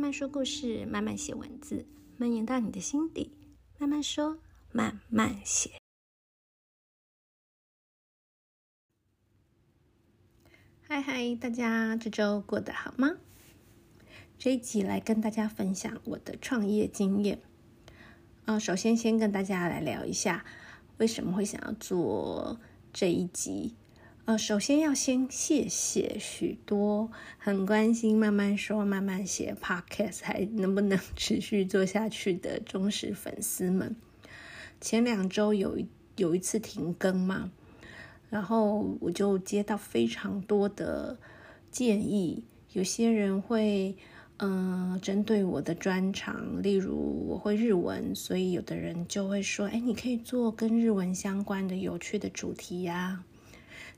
蔓蔓說故事，蔓蔓寫文字，蔓延到你的心底。蔓蔓說，蔓蔓寫。嗨嗨，大家這週過得好嗎？這一集來跟大家分享我的創業經驗。嗯、呃，首先先跟大家來聊一下，為什麼會想要做這一集。呃，首先要先謝謝許多很關心“蔓蔓說，蔓蔓寫 ”Podcast 還能不能持續做下去的忠實粉絲們。前兩周有有一次停更嘛，然後我就接到非常多的建議，有些人會嗯、呃、針對我的專長，例如我會日文，所以有的人就會說：“哎，你可以做跟日文相關的有趣的主題呀、啊。”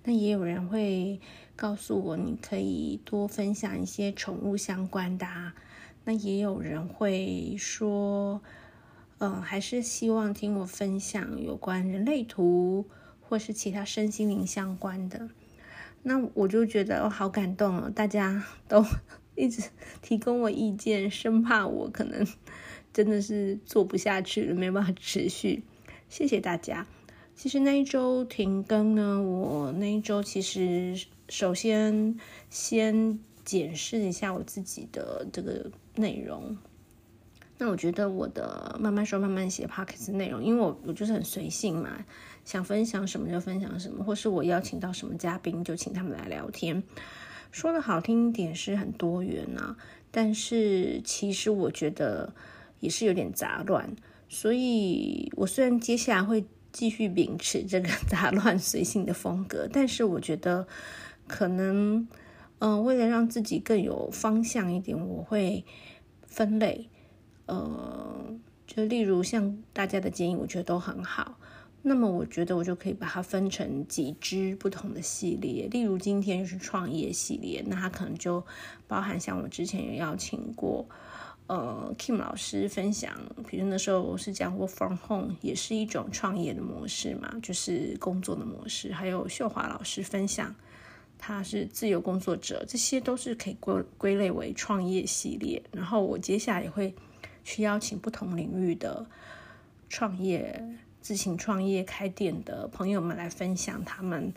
那也有人會告訴我，你可以多分享一些寵物相關的啊。那也有人會說，嗯，還是希望聽我分享有關人類圖或是其他身心靈相關的。那我就覺得我好感動哦，大家都一直提供我意見，生怕我可能真的是做不下去了，沒辦法持續。謝謝大家。其實那一周停更呢，我那一周其實首先先檢視一下我自己的這個內容。那我覺得我的慢慢說慢慢寫 Podcast 內容，因為我我就是很隨性嘛，想分享什麼就分享什麼，或是我邀請到什麼嘉賓就請他們來聊天。說的好聽一點是很多元啊，但是其實我覺得也是有點雜亂，所以我雖然接下來會繼續秉持這個雜亂隨性的風格，但是我覺得可能，嗯、呃，為了讓自己更有方向一點，我會分類，呃，就例如像大家的建議，我覺得都很好。那麼我覺得我就可以把它分成幾支不同的系列，例如今天就是創業系列，那它可能就包含像我之前有邀請過。呃，Kim 老師分享，比如，那時候我是講過 From Home 也是一種創業的模式嘛，就是工作的模式。還有秀華老師分享，他是自由工作者，這些都是可以歸歸類為創業系列。然後我接下來也會去邀請不同領域的創業、自行創業、開店的朋友們來分享他們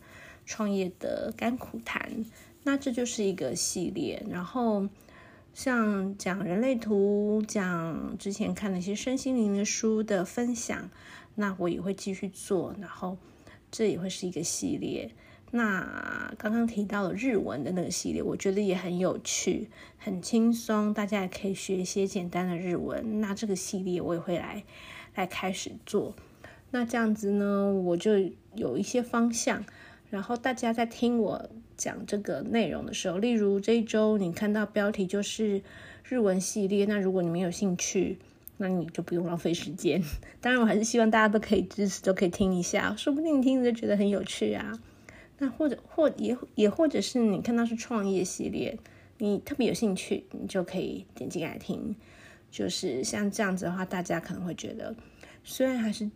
創業的甘苦談。那這就是一個系列。然後。像講人類圖，講之前看的一些身心靈的書的分享，那我也會繼續做，然後這也會是一個系列。那剛剛提到了日文的那個系列，我覺得也很有趣，很輕鬆，大家也可以學一些簡單的日文。那這個系列我也會來來開始做。那這樣子呢，我就有一些方向，然後大家在聽我。講這個內容的時候，例如這一周你看到標題就是日文系列，那如果你沒有興趣，那你就不用浪費時間。當然，我還是希望大家都可以支持，都可以聽一下，說不定聽着就覺得很有趣啊。那或者或也也或者是你看到是創業系列，你特別有興趣，你就可以點進來聽。就是像這樣子的話，大家可能會覺得，雖然還是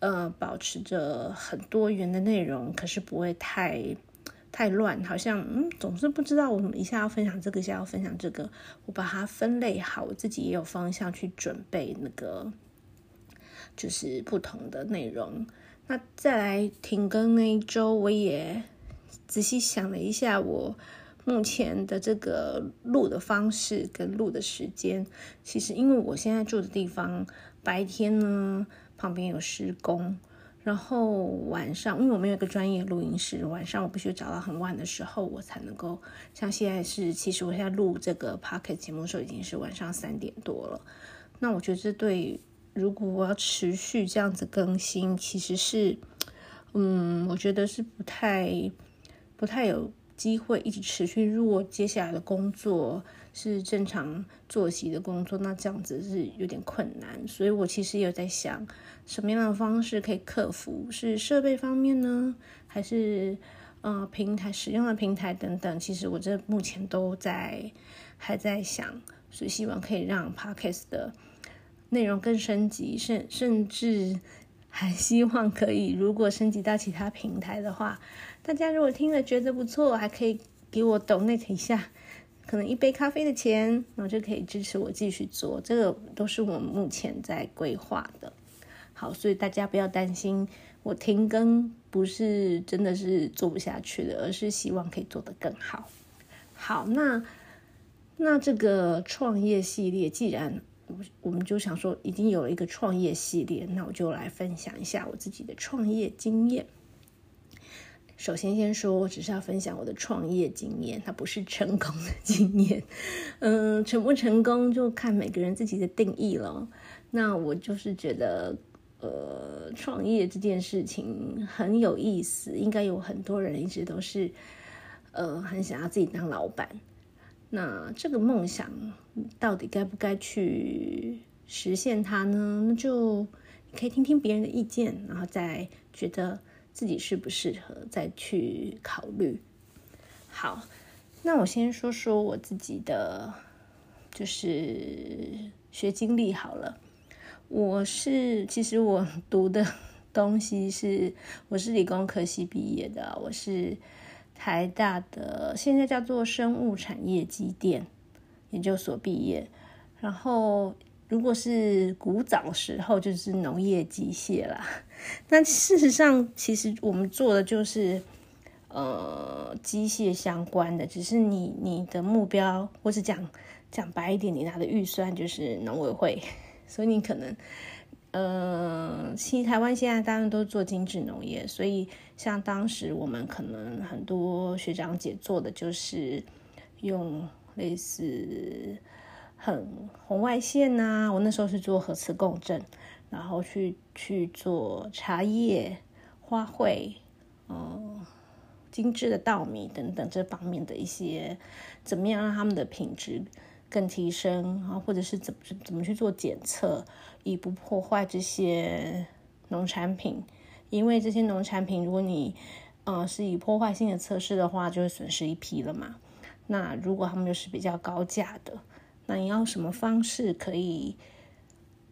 呃保持着很多元的內容，可是不會太。太亂，好像嗯，總是不知道我們一下要分享這個，一下要分享這個。我把它分類好，我自己也有方向去準備那個，就是不同的內容。那再來停更那一周，我也仔細想了一下，我目前的這個錄的方式跟錄的時間，其實因為我現在住的地方，白天呢，旁邊有施工。然後晚上，因為我們有一個專業錄音室，晚上我必須找到很晚的時候，我才能夠像現在是，其實我現在錄這個 Podcast 節目的時候已經是晚上三點多了。那我覺得，對，如果我要持續這樣子更新，其實是，嗯，我覺得是不太，不太有機會一直持續。若接下來的工作。是正常作息的工作，那這樣子是有點困難，所以我其實也有在想什麼樣的方式可以克服，是設備方面呢，還是呃平台使用的平台等等。其實我這目前都在還在想，所以希望可以讓 Podcast 的內容更升級，甚甚至還希望可以，如果升級到其他平台的話，大家如果聽了覺得不錯，還可以給我 donate 一下。可能一杯咖啡的錢，然後就可以支持我繼續做，這個都是我們目前在規劃的。好，所以大家不要擔心，我停更不是真的是做不下去的，而是希望可以做得更好。好，那那這個創業系列，既然我我們就想說已經有了一個創業系列，那我就來分享一下我自己的創業經驗。首先，先說，我只是要分享我的創業經驗，它不是成功的經驗。嗯，成不成功就看每個人自己的定義咯。那我就是覺得，呃，創業這件事情很有意思，應該有很多人一直都是，呃，很想要自己當老闆。那這個夢想到底該不該去實現它呢？那就你可以聽聽別人的意見，然後再覺得。自己適不適合再去考慮。好，那我先說說我自己的就是學經歷好了。我是其實我讀的東西是，我是理工科系畢業的，我是台大的，現在叫做生物產業機電研究所畢業，然後。如果是古早時候，就是農業機械啦。那事實上，其實我們做的就是呃機械相關的，只是你你的目標或者講講白一點，你拿的預算就是農委會，所以你可能呃，新台灣現在當然都做精致農業，所以像當時我們可能很多學長姐做的就是用類似。很紅外線吶、啊,我那時候是做核磁共振，然後去去做茶葉、花卉，嗯、精緻的稻米等等這方面的一些，怎麼樣讓他們的品質更提升啊？或者是怎麼怎麼去做檢測，以不破壞這些農產品？因為這些農產品，如果你呃、嗯、是以破壞性的測試的話，就會損失一批了嘛。那如果他們又是比較高價的。那你要什麼方式可以，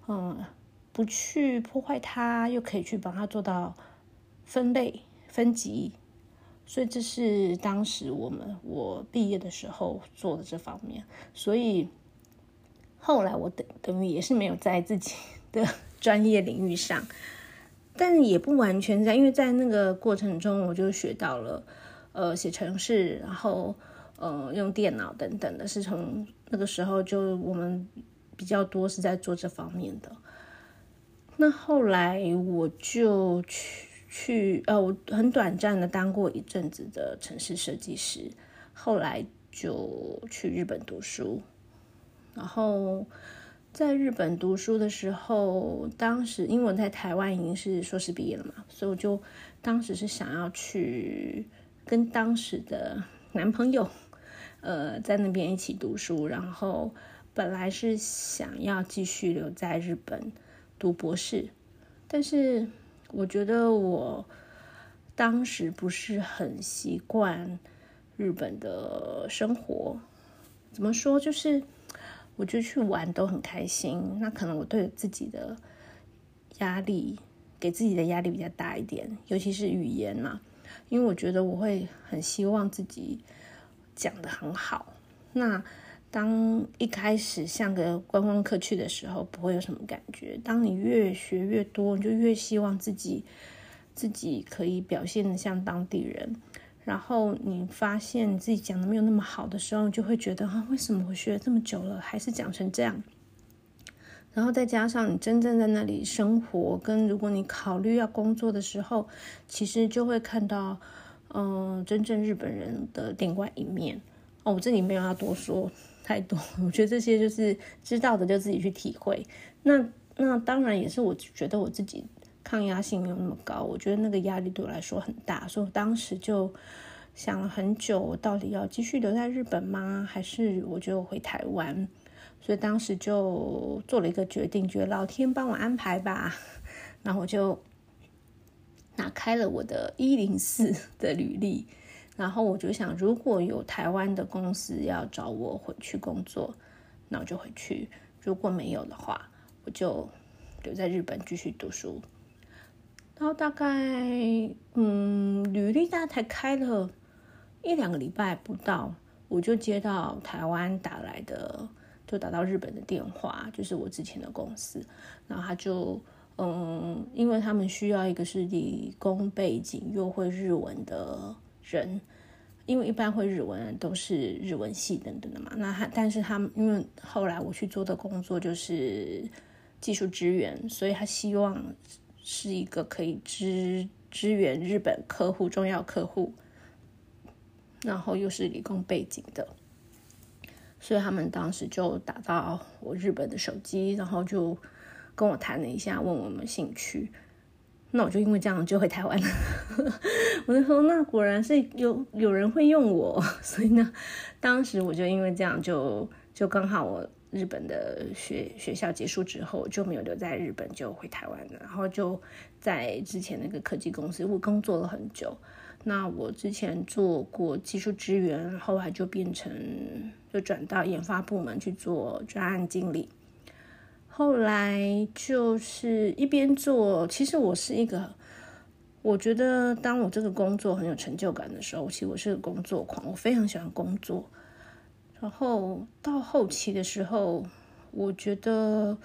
嗯，不去破壞它，又可以去幫它做到分類分級？所以這是當時我們我畢業的時候做的這方面。所以後來我等等於也是沒有在自己的專業領域上，但也不完全在，因為在那個過程中我就學到了，呃，寫程式，然後。呃，用電腦等等的，是從那個時候就我們比較多是在做這方面的。那後來我就去，去，呃，我很短暫的當過一陣子的城市設計師，後來就去日本讀書。然後在日本讀書的時候，當時因為我在台灣已經是碩士畢業了嘛，所以我就當時是想要去跟當時的男朋友。呃，在那邊一起讀書，然後本來是想要繼續留在日本讀博士，但是我覺得我當時不是很習慣日本的生活。怎麼說？就是我就去玩都很開心，那可能我對自己的壓力給自己的壓力比較大一點，尤其是語言嘛、啊，因為我覺得我會很希望自己。講得很好。那當一開始像個觀光客去的時候，不會有什麼感覺。當你越學越多，你就越希望自己自己可以表現得像當地人。然後你發現你自己講的沒有那麼好的時候，你就會覺得啊，為什麼我學了這麼久了，還是講成這樣？然後再加上你真正在那裡生活，跟如果你考慮要工作的時候，其實就會看到。嗯，真正日本人的另外一面哦，我這裡沒有要多說太多，我覺得這些就是知道的就自己去體會。那那當然也是我覺得我自己抗壓性沒有那麼高，我覺得那個壓力對我來說很大，所以我當時就想了很久，到底要繼續留在日本嗎？還是我就回台灣？所以當時就做了一個決定，覺得老天幫我安排吧，然後我就。打開了我的一零四的履歷，然後我就想，如果有台灣的公司要找我回去工作，那我就回去；如果沒有的話，我就留在日本繼續讀書。然後大概嗯，履歷大概開了一兩個禮拜不到，我就接到台灣打來的，就打到日本的電話，就是我之前的公司，然後他就。嗯，因為他們需要一個是理工背景又會日文的人，因為一般會日文都是日文系等等的嘛。那他，但是他因為後來我去做的工作就是技術支援，所以他希望是一個可以支支援日本客戶、重要客戶，然後又是理工背景的，所以他們當時就打到我日本的手機，然後就。跟我談了一下，問我們興趣，那我就因為這樣就回台灣了。 我就說，那果然是有有人會用我，所以呢，當時我就因為這樣就就剛好我日本的學學校結束之後就沒有留在日本，就回台灣了。然後就在之前那個科技公司，我工作了很久，那我之前做過技術支援，後來就變成就轉到研發部門去做專案經理。後來就是一邊做，其實我是一個，我覺得當我這個工作很有成就感的時候，其實我是個工作狂，我非常喜歡工作。然後到後期的時候，我覺得，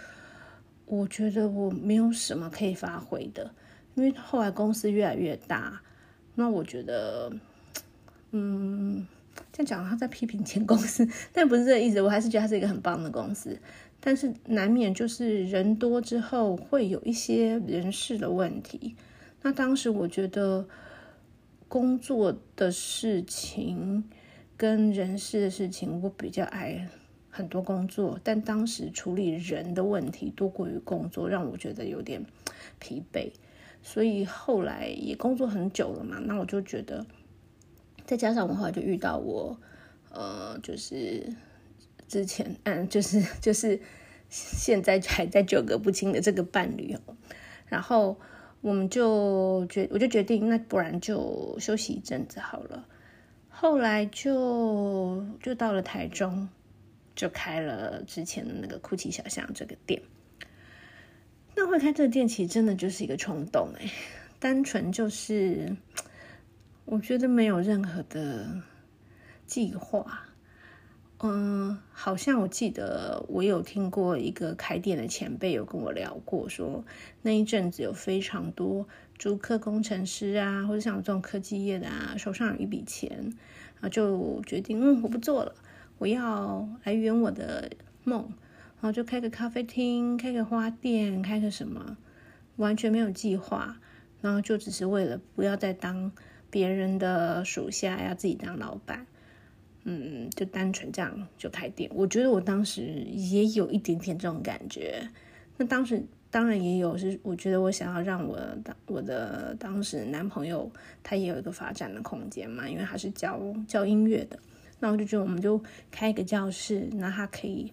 我覺得我沒有什麼可以發揮的，因為後來公司越來越大，那我覺得，嗯，這樣講，他在批評前公司，但不是這個意思，我還是覺得他是一個很棒的公司。但是難免就是人多之後會有一些人事的問題。那當時我覺得工作的事情跟人事的事情，我比較愛很多工作，但當時處理人的問題多過於工作，讓我覺得有點疲憊。所以後來也工作很久了嘛，那我就覺得，再加上我後來就遇到我，呃，就是。之前嗯，就是就是現在還在糾葛不清的這個伴侶哦，然後我們就決我就決定，那不然就休息一陣子好了。後來就就到了台中，就開了之前的那個酷奇小象這個店。那會開這個店其實真的就是一個衝動哎、欸，單純就是我覺得沒有任何的計劃。嗯，好像我記得我有聽過一個開店的前輩有跟我聊過說，說那一陣子有非常多竹科工程師啊，或者像這種科技業的啊，手上有一筆錢啊，然後就決定，嗯，我不做了，我要來圓我的夢，然後就開個咖啡廳，開個花店，開個什麼，完全沒有計劃，然後就只是為了不要再當別人的屬下，要自己當老闆。嗯，就單純這樣就開店。我覺得我當時也有一點點這種感覺。那當時當然也有，是我覺得我想要讓我當我的當時男朋友，他也有一個發展的空間嘛，因為他是教教音樂的。那我就覺得我們就開一個教室，那他可以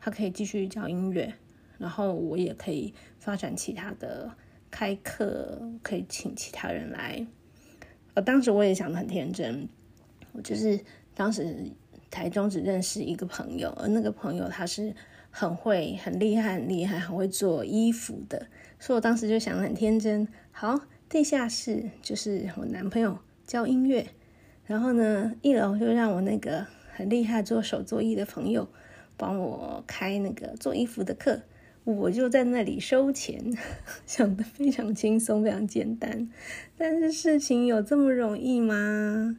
他可以繼續教音樂，然後我也可以發展其他的開課，可以請其他人來。呃，當時我也想得很天真，我就是。嗯當時台中只認識一個朋友，而那個朋友他是很會、很厲害、很厲害、很會做衣服的，所以我當時就想得很天真，好，地下室就是我男朋友教音樂，然後呢，一樓就讓我那個很厲害做手作衣的朋友幫我開那個做衣服的課，我就在那裡收錢，想得非常輕鬆、非常簡單。但是事情有這麼容易嗎？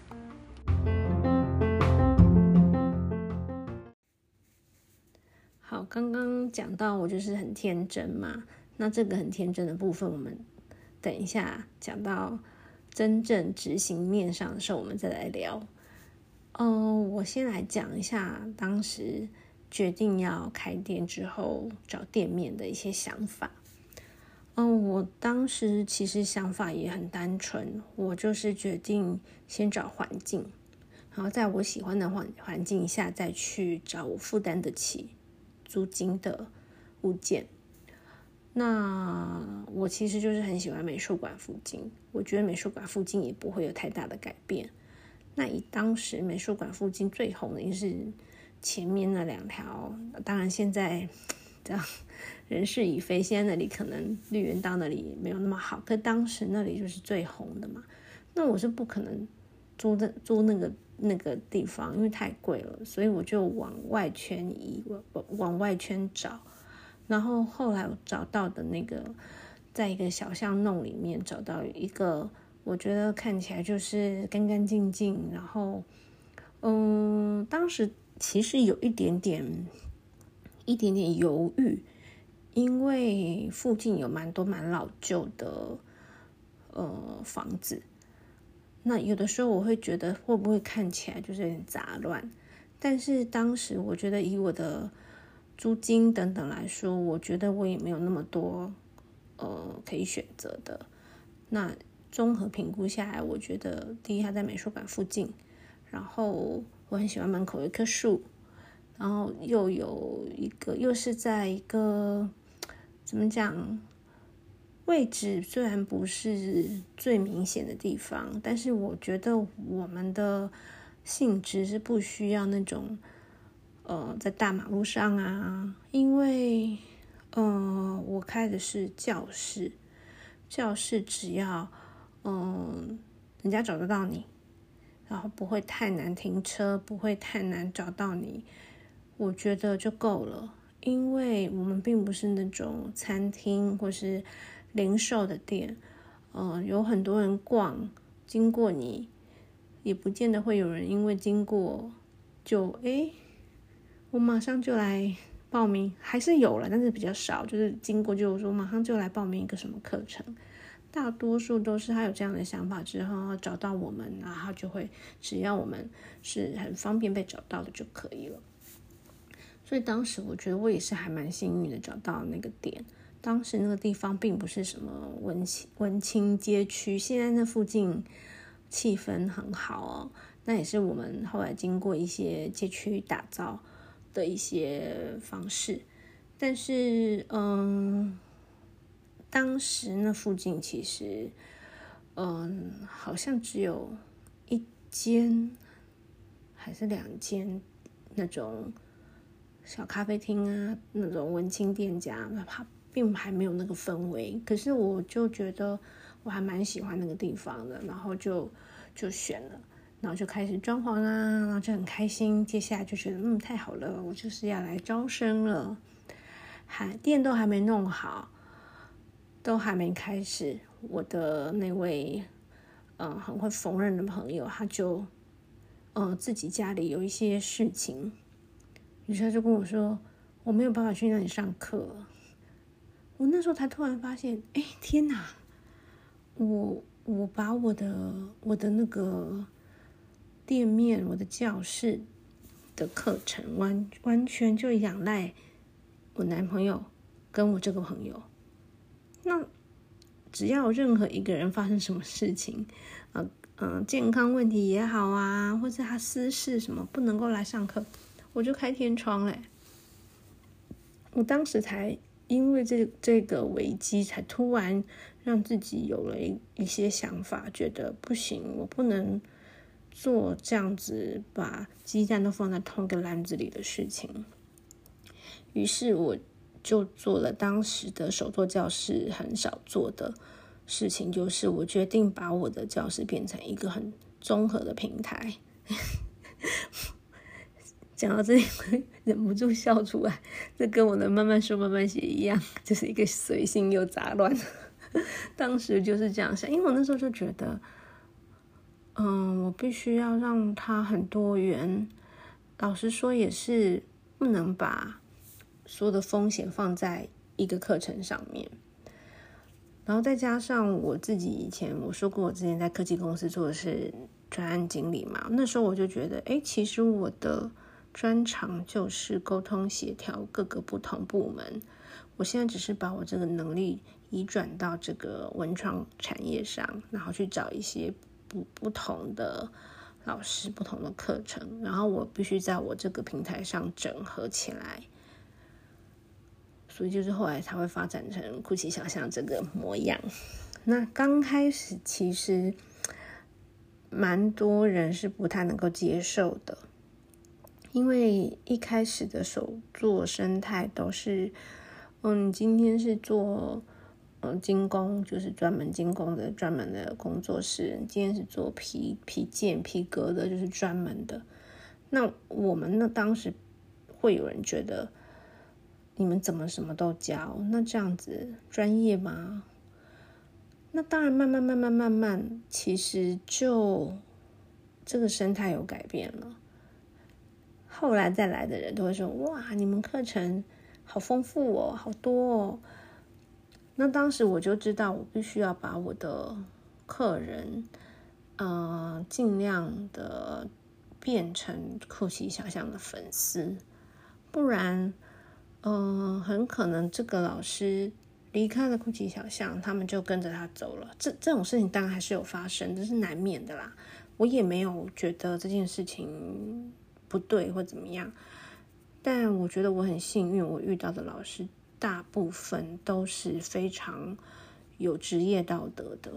剛剛講到我就是很天真嘛，那這個很天真的部分，我們等一下講到真正執行面上的時候，我們再來聊。嗯、哦，我先來講一下當時決定要開店之後找店面的一些想法。嗯、哦，我當時其實想法也很單純，我就是決定先找環境，然後在我喜歡的環環境下再去找我負擔得起。租金的物件，那我其實就是很喜歡美術館附近。我覺得美術館附近也不會有太大的改變。那以當時美術館附近最紅的，就是前面那兩條。當然現在這樣，人事已非，現在那裡可能綠園道那裡沒有那麼好，可當時那裡就是最紅的嘛。那我是不可能租的，租那個。那個地方因為太貴了，所以我就往外圈移，往往外圈找。然後後來我找到的那個，在一個小巷弄裡面找到一個，我覺得看起來就是乾乾淨淨。然後，嗯、呃，當時其實有一點點，一點點猶豫，因為附近有蠻多蠻老舊的呃房子。那有的時候我會覺得會不會看起來就是有點雜亂，但是當時我覺得以我的租金等等來說，我覺得我也沒有那麼多呃可以選擇的。那綜合評估下來，我覺得第一它在美術館附近，然後我很喜歡門口有一棵樹，然後又有一個又是在一個怎麼講？位置雖然不是最明顯的地方，但是我覺得我們的性質是不需要那種，呃，在大馬路上啊，因為，呃，我開的是教室，教室只要，嗯、呃，人家找得到你，然後不會太難停車，不會太難找到你，我覺得就夠了，因為我們並不是那種餐廳或是，零售的店，嗯、呃，有很多人逛，經過你，也不見得會有人因為經過就哎，我馬上就來報名，還是有了，但是比較少，就是經過就是說馬上就來報名一個什麼課程，大多數都是他有這樣的想法之後找到我們，然後就會只要我們是很方便被找到的就可以了。所以當時我覺得我也是還蠻幸運的，找到那個點。當時那個地方並不是什麼文青文青街區，現在那附近氣氛很好哦。那也是我們後來經過一些街區打造的一些方式，但是嗯，當時那附近其實嗯，好像只有一間還是兩間那種小咖啡廳啊，那種文青店家，哪怕。並還沒有那個氛圍，可是我就覺得我還蠻喜歡那個地方的，然後就就選了，然後就開始裝潢啊，然後就很開心。接下來就覺得嗯太好了，我就是要來招生了，還店都還沒弄好，都還沒開始。我的那位嗯、呃、很會縫紉的朋友，他就嗯、呃、自己家裡有一些事情，於是他就跟我說，我沒有辦法去那裡上課。我那時候才突然發現，哎、欸、天哪！我我把我的我的那個店面、我的教室的課程完完全就仰賴我男朋友跟我這個朋友。那只要任何一個人發生什麼事情，呃呃，健康問題也好啊，或者他私事什麼不能夠來上課，我就開天窗嘞、欸。我當時才。因為這這個危機，才突然讓自己有了一一些想法，覺得不行，我不能做這樣子把雞蛋都放在同一個籃子裡的事情。於是我就做了當時的手作教室很少做的事情，就是我決定把我的教室變成一個很綜合的平台。 想到這裡會忍不住笑出來。這跟我的慢慢說慢慢寫一樣，就是一個隨性又雜亂。當時就是這樣想，因為我那時候就覺得，嗯，我必須要讓他很多元。老實說，也是不能把所有的風險放在一個課程上面。然後再加上我自己以前我說過，我之前在科技公司做的是專案經理嘛，那時候我就覺得，哎、欸，其實我的。專長就是溝通協調各個不同部門。我現在只是把我這個能力移轉到這個文創產業上，然後去找一些不不同的老師、不同的課程，然後我必須在我這個平台上整合起來。所以就是後來才會發展成酷奇小象這個模樣。那剛開始其實蠻多人是不太能夠接受的。因為一開始的手做生態都是，嗯、哦，你今天是做，呃，精工，就是專門精工的專門的工作室，你今天是做皮皮件皮革的，就是專門的。那我們那當時會有人覺得，你們怎麼什麼都教？那這樣子專業嗎？那當然，慢慢慢慢慢慢，其實就這個生態有改變了。後來再來的人，都會說：“哇，你們課程好豐富哦，好多哦。”那當時我就知道，我必須要把我的客人，呃，盡量的變成酷奇小象的粉絲，不然，嗯、呃，很可能這個老師離開了酷奇小象，他們就跟着他走了。這這種事情當然還是有發生，這是難免的啦。我也沒有覺得這件事情。不對或怎麼樣，但我覺得我很幸運，我遇到的老師大部分都是非常有職業道德的，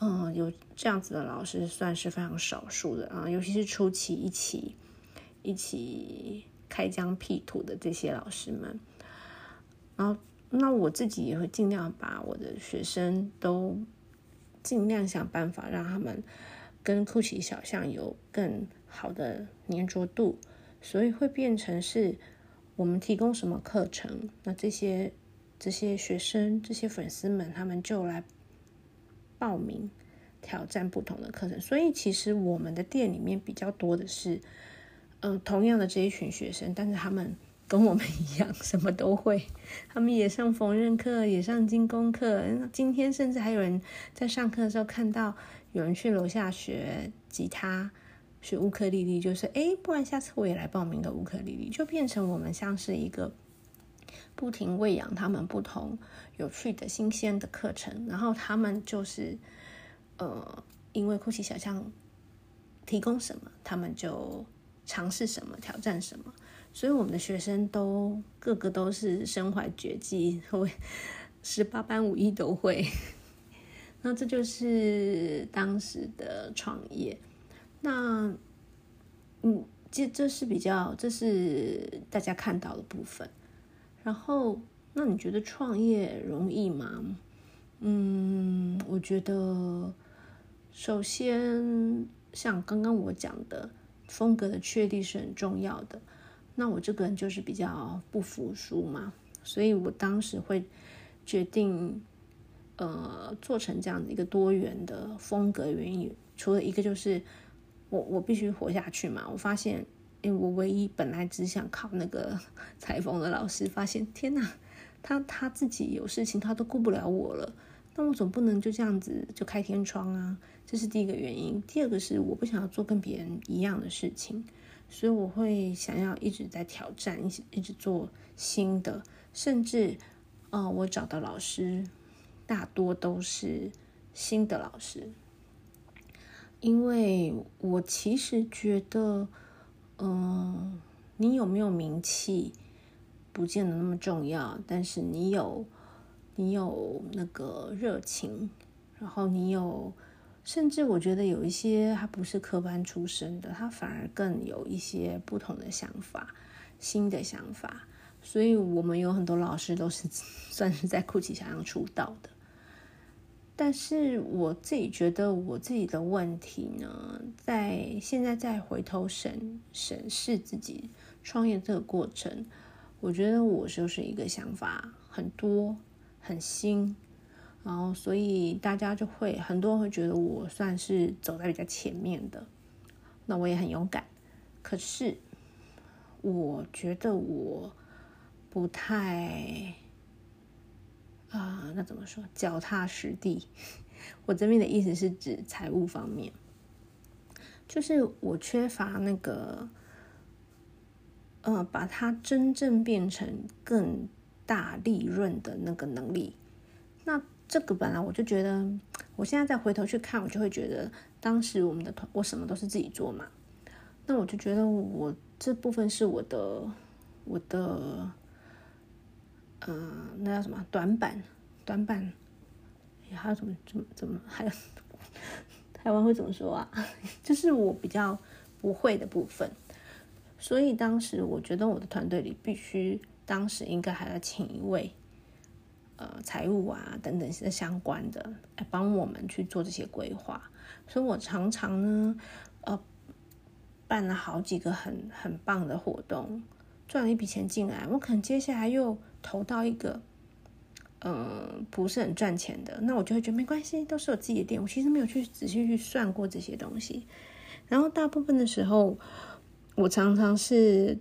嗯，有這樣子的老師算是非常少數的啊，嗯，尤其是初期一起一起開疆闢土的這些老師們。然後，那我自己也會盡量把我的學生都盡量想辦法讓他們跟酷奇小象有更好的黏着度，所以會變成是，我們提供什麼課程，那這些這些學生、這些粉絲們，他們就來報名挑戰不同的課程。所以其實我們的店裡面比較多的是，嗯，同樣的這一群學生，但是他們跟我們一樣，什麼都會，他們也上縫紉課，也上金工課。今天甚至還有人在上課的時候看到有人去樓下學吉他。學烏克麗麗就是哎，不然下次我也來報名的烏克麗麗，就變成我們像是一個不停餵養他們不同、有趣的、新鮮的課程，然後他們就是呃，因為酷奇小象提供什麼，他們就嘗試什麼，挑戰什麼，所以我們的學生都個個都是身懷絕技，會十八般武藝都會。 那這就是當時的創業。那，嗯，這這是比較，這是大家看到的部分。然後，那你覺得創業容易嗎？嗯，我覺得首先像剛剛我講的，風格的確立是很重要的。那我這個人就是比較不服輸嘛，所以我當時會決定，呃，做成這樣的一個多元的風格原因，除了一個就是。我我必須活下去嘛！我發現，哎、欸，我唯一本來只想考那個裁縫的老師，發現天哪、啊，他他自己有事情，他都顧不了我了。那我總不能就這樣子就開天窗啊！這是第一個原因。第二個是我不想要做跟別人一樣的事情，所以我會想要一直在挑戰，一直做新的。甚至，啊、呃，我找的老師，大多都是新的老師。因為我其實覺得，嗯、呃，你有沒有名氣，不見得那麼重要。但是你有，你有那個熱情，然後你有，甚至我覺得有一些他不是科班出身的，他反而更有一些不同的想法、新的想法。所以我們有很多老師都是算是在酷奇小象出道的。但是我自己覺得我自己的問題呢，在現在再回頭審審視自己創業這個過程，我覺得我就是一個想法很多、很新，然後所以大家就會很多人會覺得我算是走在比較前面的，那我也很勇敢。可是我覺得我不太。啊、呃，那怎麼說？腳踏實地。我這邊的意思是指財務方面，就是我缺乏那個，嗯、呃，把它真正變成更大利潤的那個能力。那這個本來我就覺得，我現在再回頭去看，我就會覺得當時我們的團，我什麼都是自己做嘛，那我就覺得我，我這部分是我的，我的。嗯、呃，那叫什麼短板？短板，還有怎麼？怎麼怎麼？還有台灣會怎麼說啊？就是我比較不會的部分，所以當時我覺得我的團隊裡必須，當時應該還要請一位，呃，財務啊等等相關的來幫我們去做這些規劃。所以我常常呢，呃，辦了好幾個很很棒的活動，賺了一筆錢進來，我可能接下來又，投到一個呃不是很賺錢的，那我就會覺得沒關係，都是我自己的店。我其實沒有去仔細去算過這些東西。然後大部分的時候，我常常是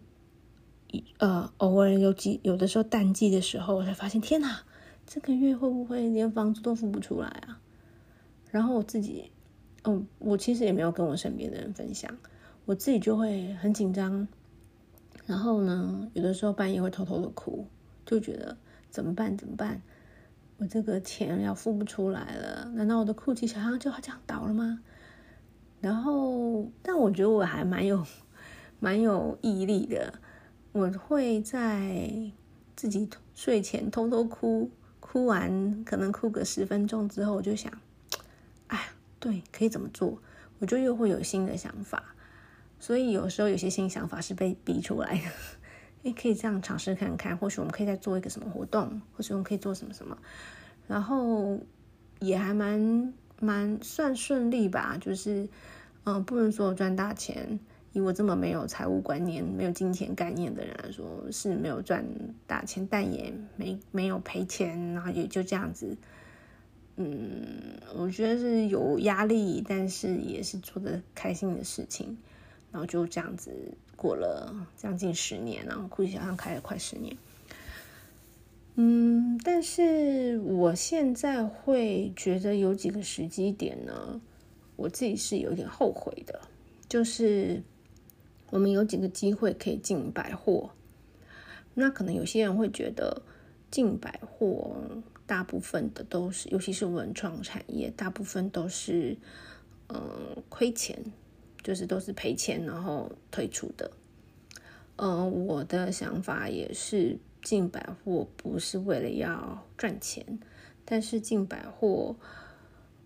呃偶爾有幾，有的時候淡季的時候，我才發現天哪，這個月會不會連房租都付不出來啊？然後我自己，嗯、哦，我其實也沒有跟我身邊的人分享，我自己就會很緊張。然後呢，有的時候半夜會偷偷的哭。就覺得怎麼辦？怎麼辦？我這個錢要付不出來了，難道我的酷奇小象就要這樣倒了嗎？然後，但我覺得我還蠻有蠻有毅力的。我會在自己睡前偷偷哭，哭完可能哭個十分鐘之後，我就想，哎，對，可以怎麼做？我就又會有新的想法。所以有時候有些新想法是被逼出來的。可以這樣嘗試看看，或許我們可以再做一個什麼活動，或許我們可以做什麼什麼，然後也還蠻蠻算順利吧。就是，嗯、呃，不能說賺大錢，以我這麼沒有財務觀念、沒有金錢概念的人來說是沒有賺大錢，但也沒沒有賠錢，然後也就這樣子。嗯，我覺得是有壓力，但是也是做得開心的事情，然後就這樣子。過了將近十年了，啊，酷奇小象開了快十年。嗯，但是我現在會覺得有幾個時機點呢，我自己是有點後悔的。就是我們有幾個機會可以進百貨，那可能有些人會覺得進百貨大部分的都是，尤其是文創產業，大部分都是嗯虧錢。就是都是賠錢，然後退出的。嗯，我的想法也是進百貨不是為了要賺錢，但是進百貨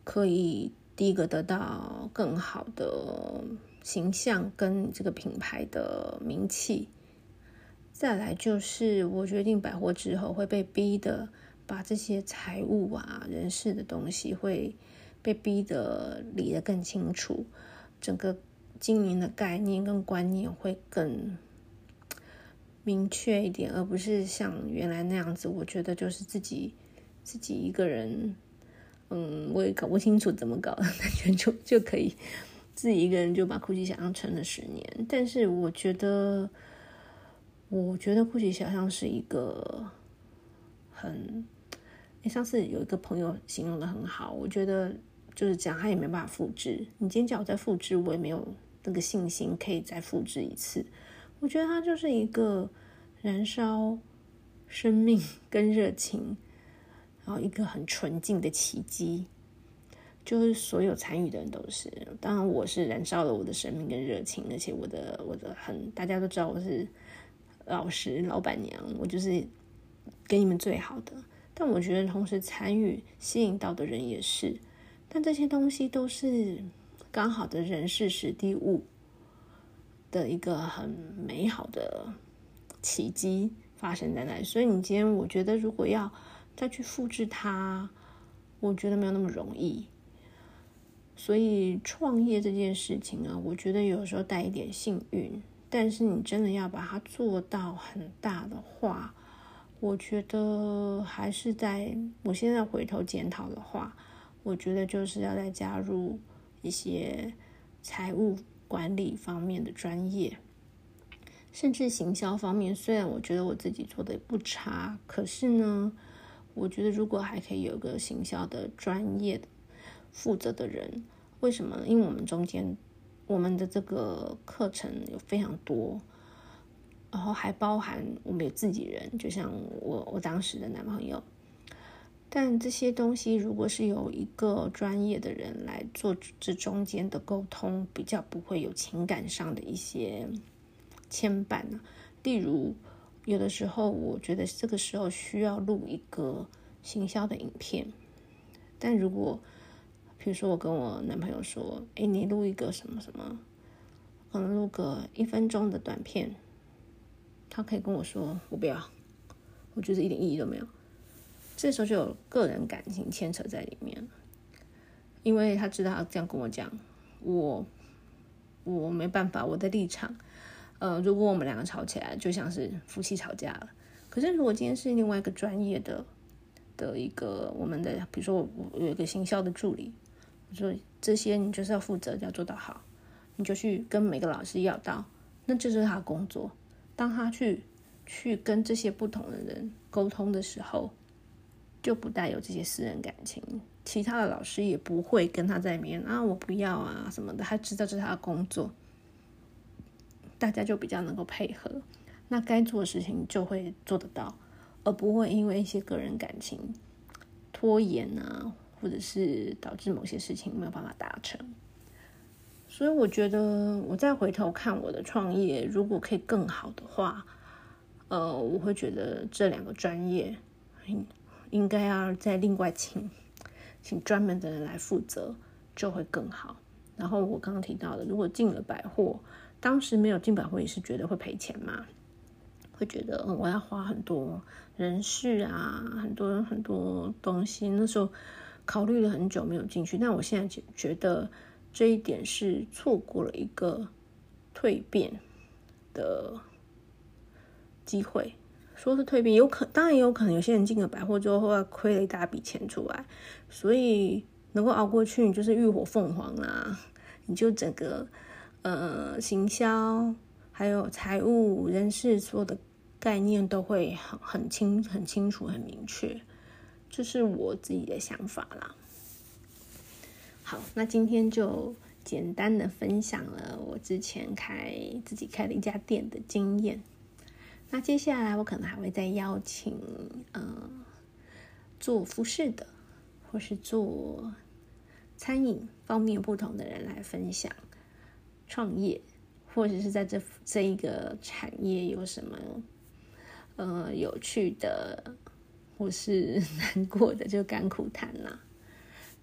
可以第一個得到更好的形象跟這個品牌的名氣。再來就是我決定百貨之後會被逼得把這些財務啊、人事的東西會被逼得理得更清楚，整個。經營的概念跟觀念會更明確一點，而不是像原來那樣子。我覺得就是自己自己一個人，嗯，我也搞不清楚怎麼搞的，感覺就就可以自己一個人就把酷奇小象撐了十年。但是我覺得，我覺得酷奇小象是一個很……你上次有一個朋友形容的很好，我覺得就是講他也沒辦法複製。你今天叫我再複製，我也沒有。那個信心可以再複製一次，我覺得它就是一個燃燒生命跟熱情，然後一個很純淨的奇蹟。就是所有參與的人都是，當然我是燃燒了我的生命跟熱情，而且我的我的很，大家都知道我是老實老板娘，我就是給你們最好的。但我覺得同時參與吸引到的人也是，但這些東西都是。剛好的人事時地物的一個很美好的奇蹟發生在那裡，所以你今天我覺得，如果要再去複製它，我覺得沒有那麼容易。所以創業這件事情啊，我覺得有時候帶一點幸運，但是你真的要把它做到很大的話，我覺得還是在我現在回頭檢討的話，我覺得就是要再加入。一些財務管理方面的專業，甚至行銷方面，雖然我覺得我自己做的不差，可是呢，我覺得如果還可以有個行銷的專業負責的人，為什麼？因為我們中間我們的這個課程有非常多，然後還包含我們有自己人，就像我我當時的男朋友。但這些東西，如果是由一個專業的人來做這中間的溝通，比較不會有情感上的一些牽絆呢。例如，有的時候，我覺得這個時候需要錄一個行銷的影片，但如果，比如說我跟我男朋友說：“哎、欸，你錄一個什麼什麼，可能錄個一分鐘的短片。”他可以跟我說：“我不要，我覺得一點意義都沒有。”這時候就有個人感情牽扯在裡面，因為他知道他這樣跟我講，我我沒辦法我的立場，呃，如果我們兩個吵起來，就像是夫妻吵架了。可是如果今天是另外一個專業的的一個我們的，比如說我有一個行銷的助理，我說，這些你就是要負責，要做到好，你就去跟每個老師要到，那這就是他的工作。當他去去跟這些不同的人溝通的時候，就不帶有這些私人感情，其他的老師也不會跟他在面啊，我不要啊什麼的，他知道這是他的工作，大家就比較能夠配合，那該做的事情就會做得到，而不會因為一些個人感情拖延啊，或者是導致某些事情沒有辦法達成。所以我覺得，我再回頭看我的創業，如果可以更好的話，呃，我會覺得這兩個專業，嗯應該要再另外請，請專門的人來負責，就會更好。然後我剛剛提到的，如果進了百貨，當時沒有進百貨，也是覺得會賠錢嘛，會覺得，嗯，我要花很多人事啊，很多很多東西。那時候考慮了很久，沒有進去。但我現在覺覺得這一點是錯過了一個蛻變的機會。說是退避，有可，當然也有可能有些人進了百貨之後後來虧了一大筆錢出來，所以能夠熬過去，你就是浴火鳳凰啦。你就整個呃行銷，還有財務、人事，所有的概念都會很很清、很清楚、很明確，這是我自己的想法啦。好，那今天就簡單的分享了我之前開自己開了一家店的經驗。那接下來我可能還會再邀請，呃，做服飾的，或是做餐飲方面不同的人來分享創業，或者是在這這一個產業有什麼呃有趣的，或是難過的，就甘苦談吶啊。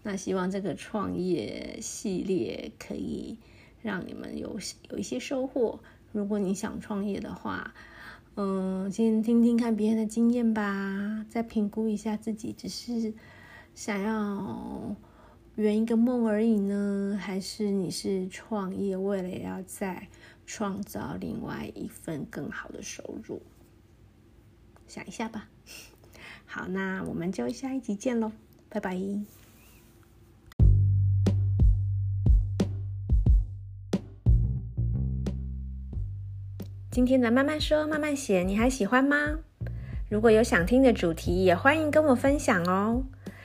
那希望這個創業系列可以讓你們有有一些收穫。如果你想創業的話，嗯，先聽聽看別人的經驗吧，再評估一下自己。只是想要圓一個夢而已呢，還是你是創業為了要再創造另外一份更好的收入？想一下吧。好，那我們就下一集見嘍，拜拜。今天的蔓蔓說蔓蔓寫你還喜歡嗎？如果有想聽的主題，也歡迎跟我分享哦。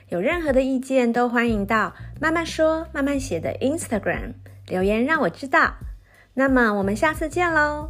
有任何的意見都歡迎到蔓蔓說蔓蔓寫的 Instagram 留言讓我知道。那麼我們下次見嘍。